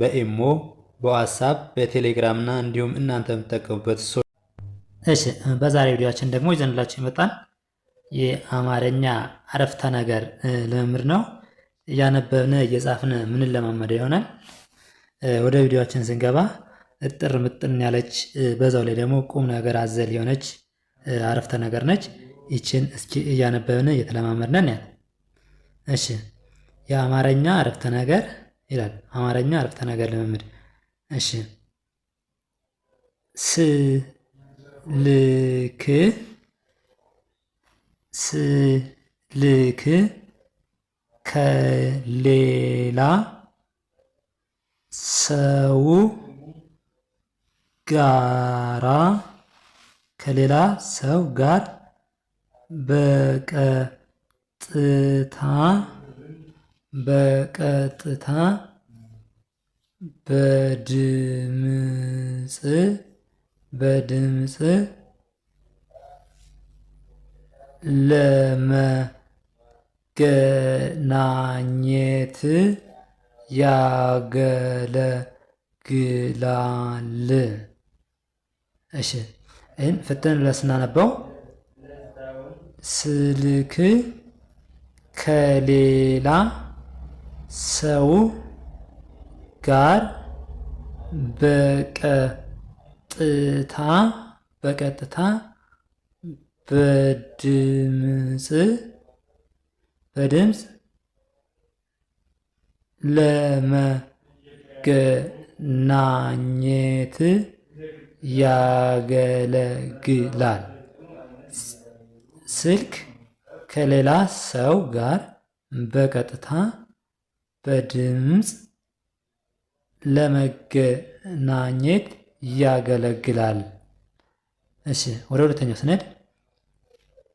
በኢሞ በዋትሳፕ በቴሌግራም እና እንዲሁም እናንተ የምትጠቀሙበት ሶ እሺ በዛሬ ቪዲዮችን ደግሞ ይዘንላችሁ የመጣን የአማርኛ አረፍተ ነገር ልምምድ ነው። እያነበብን እየጻፍን ምንን ለማመደ ይሆናል። ወደ ቪዲዮችን ስንገባ እጥር ምጥን ያለች በዛው ላይ ደግሞ ቁም ነገር አዘል የሆነች አረፍተ ነገር ነች። ይችን እስኪ እያነበብን እየተለማመድነን ያል። እሺ የአማርኛ አረፍተ ነገር ይላል አማርኛ አረፍተ ነገር ልምምድ። እሺ ስልክ ስልክ ከሌላ ሰው ጋራ ከሌላ ሰው ጋር በቀጥታ በቀጥታ በድምፅ በድምፅ ለመገናኘት ያገለግላል። እሺ ይህን ፍትን ለስናነበው ስልክ ከሌላ ሰው ጋር በቀጥታ በቀጥታ በድምፅ በድምፅ ለመገናኘት ያገለግላል። ስልክ ከሌላ ሰው ጋር በቀጥታ በድምፅ ለመገናኘት ያገለግላል። እሺ ወደ ሁለተኛው ስነድ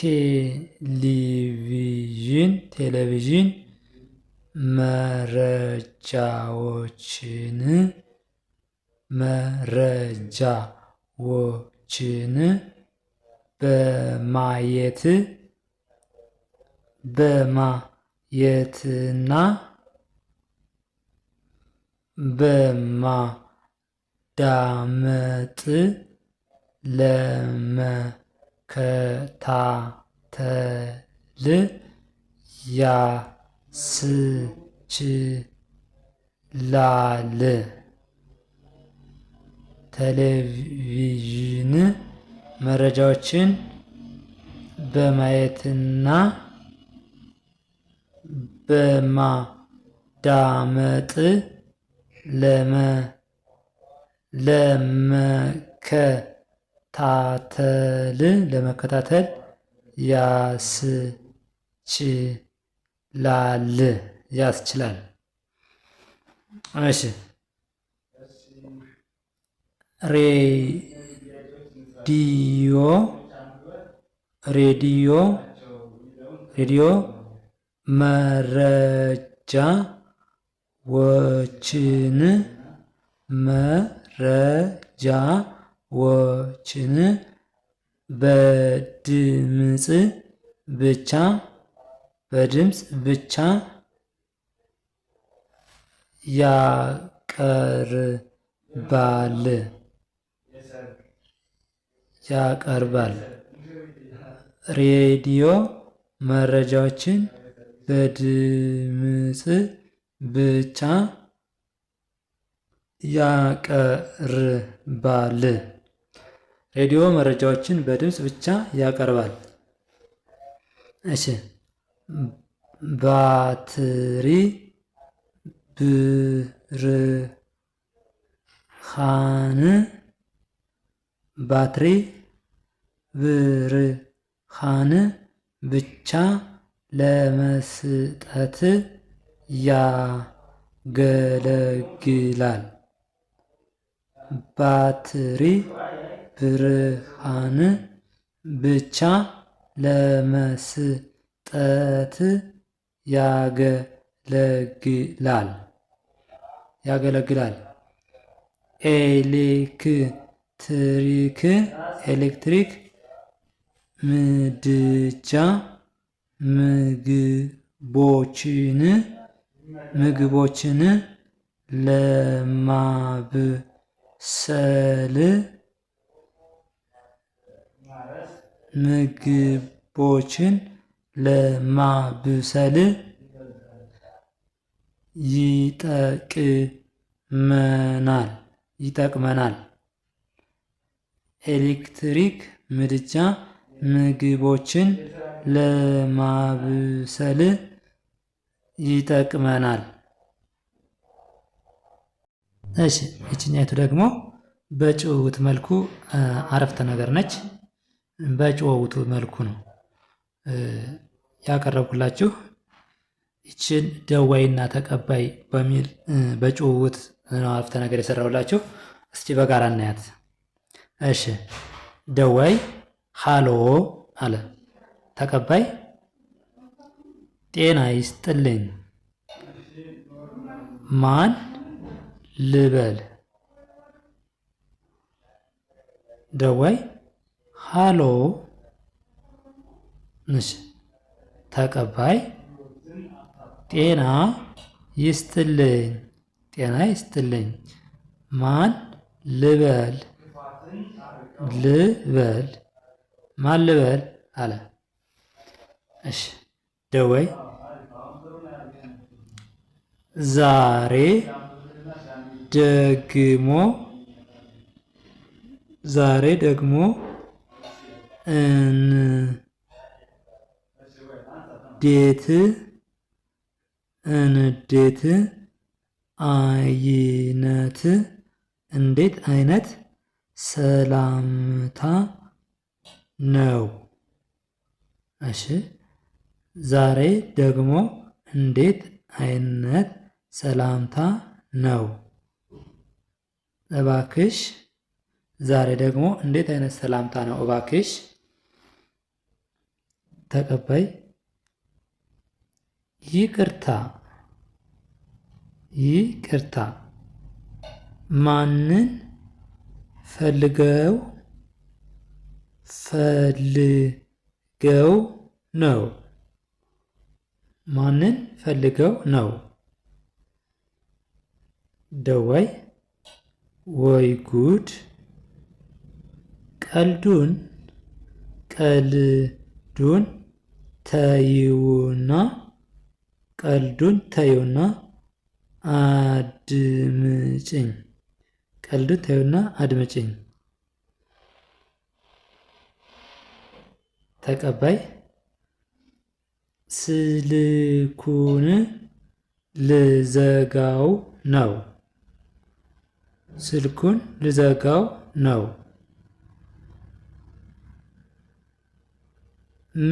ቴሌቪዥን ቴሌቪዥን መረጃዎችን መረጃዎችን በማየት በማየትና በማዳመጥ ለመከታተል ያስችላል። ቴሌቪዥን መረጃዎችን በማየትና በማዳመጥ ለመከታተል ለመከታተል ያስችላል ያስችላል። እሺ ሬዲዮ ሬዲዮ ሬዲዮ መረጃ ዎችን መረጃዎችን በድምጽ ብቻ በድምፅ ብቻ ያቀርባል ያቀርባል። ሬዲዮ መረጃዎችን በድምጽ ብቻ ያቀርባል። ሬዲዮ መረጃዎችን በድምፅ ብቻ ያቀርባል። እሺ ባትሪ ብርሃን ባትሪ ብርሃን ብቻ ለመስጠት ያገለግላል። ባትሪ ብርሃን ብቻ ለመስጠት ያገለግላል ያገለግላል። ኤሌክትሪክ ኤሌክትሪክ ምድጃ ምግቦችን ምግቦችን ለማብሰል ምግቦችን ለማብሰል ይጠቅመናል ይጠቅመናል። ኤሌክትሪክ ምድጃ ምግቦችን ለማብሰል ይጠቅመናል። እሺ ይችኛይቱ ደግሞ በጭውውት መልኩ አረፍተ ነገር ነች። በጭውውቱ መልኩ ነው ያቀረብኩላችሁ። ይችን ደዋይና ተቀባይ በሚል በጭውውት ነው አረፍተ ነገር የሰራሁላችሁ። እስቲ በጋራ እናያት። እሺ ደዋይ ሃሎ አለ ተቀባይ ጤና ይስጥልኝ። ማን ልበል? ደወይ ሃሎ ንሽ ተቀባይ ጤና ይስጥልኝ። ጤና ይስጥልኝ። ማን ልበል? ልበል ማን ልበል አለ። እሺ ደወይ ዛሬ ደግሞ ዛሬ ደግሞ እንዴት እንዴት አይነት እንዴት አይነት ሰላምታ ነው? እሺ ዛሬ ደግሞ እንዴት አይነት ሰላምታ ነው? እባክሽ ዛሬ ደግሞ እንዴት አይነት ሰላምታ ነው? እባክሽ ተቀበይ፣ ይቅርታ፣ ይቅርታ። ማንን ፈልገው ፈልገው ነው? ማንን ፈልገው ነው? ደዋይ ወይ ጉድ! ቀልዱን ቀልዱን ተይውና ቀልዱን ተይውና አድምጭኝ ቀልዱን ተይውና አድምጭኝ። ተቀባይ ስልኩን ልዘጋው ነው። ስልኩን ልዘጋው ነው።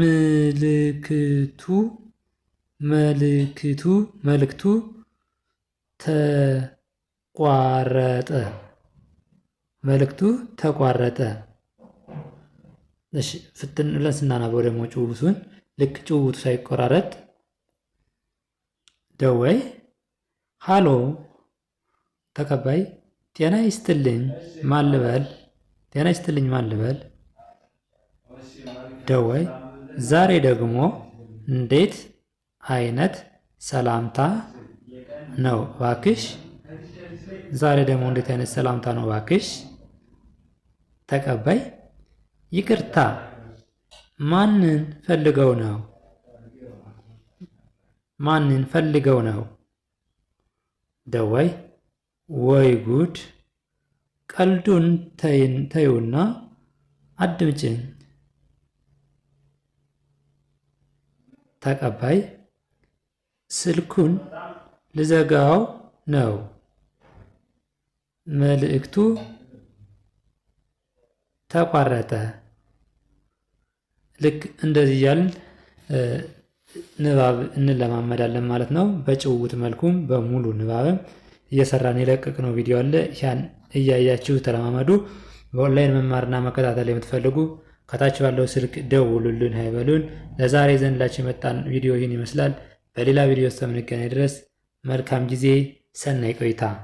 ምልክቱ መልክቱ መልክቱ ተቋረጠ። መልክቱ ተቋረጠ። እሺ፣ ፍትን ብለን ስናናበው ደግሞ ጭውውቱን ልክ ጭውውቱ ሳይቆራረጥ ደወይ ሃሎ፣ ተቀባይ ጤና ይስትልኝ ማልበል፣ ጤና ይስትልኝ ማልበል። ደወይ ዛሬ ደግሞ እንዴት አይነት ሰላምታ ነው ባክሽ? ዛሬ ደግሞ እንዴት አይነት ሰላምታ ነው ባክሽ? ተቀባይ ይቅርታ ማንን ፈልገው ነው? ማንን ፈልገው ነው? ደዋይ ወይ ጉድ! ቀልዱን ተዩና አድምጭኝ። ተቀባይ ስልኩን ልዘጋው ነው። መልእክቱ ተቋረጠ። ልክ እንደዚህ እያልን ንባብ እንለማመዳለን ማለት ነው። በጭውውት መልኩም በሙሉ ንባብም እየሰራን ነው ቪዲዮ አለ። ያን እያያችሁ ተለማመዱ። በኦንላይን መማርና መከታተል የምትፈልጉ ከታች ባለው ስልክ ደውሉልን፣ አይበሉን። ለዛሬ ዘንላችሁ የመጣን ቪዲዮ ይህን ይመስላል። በሌላ ቪዲዮ እስከምንገናኝ ድረስ መልካም ጊዜ፣ ሰናይ ቆይታ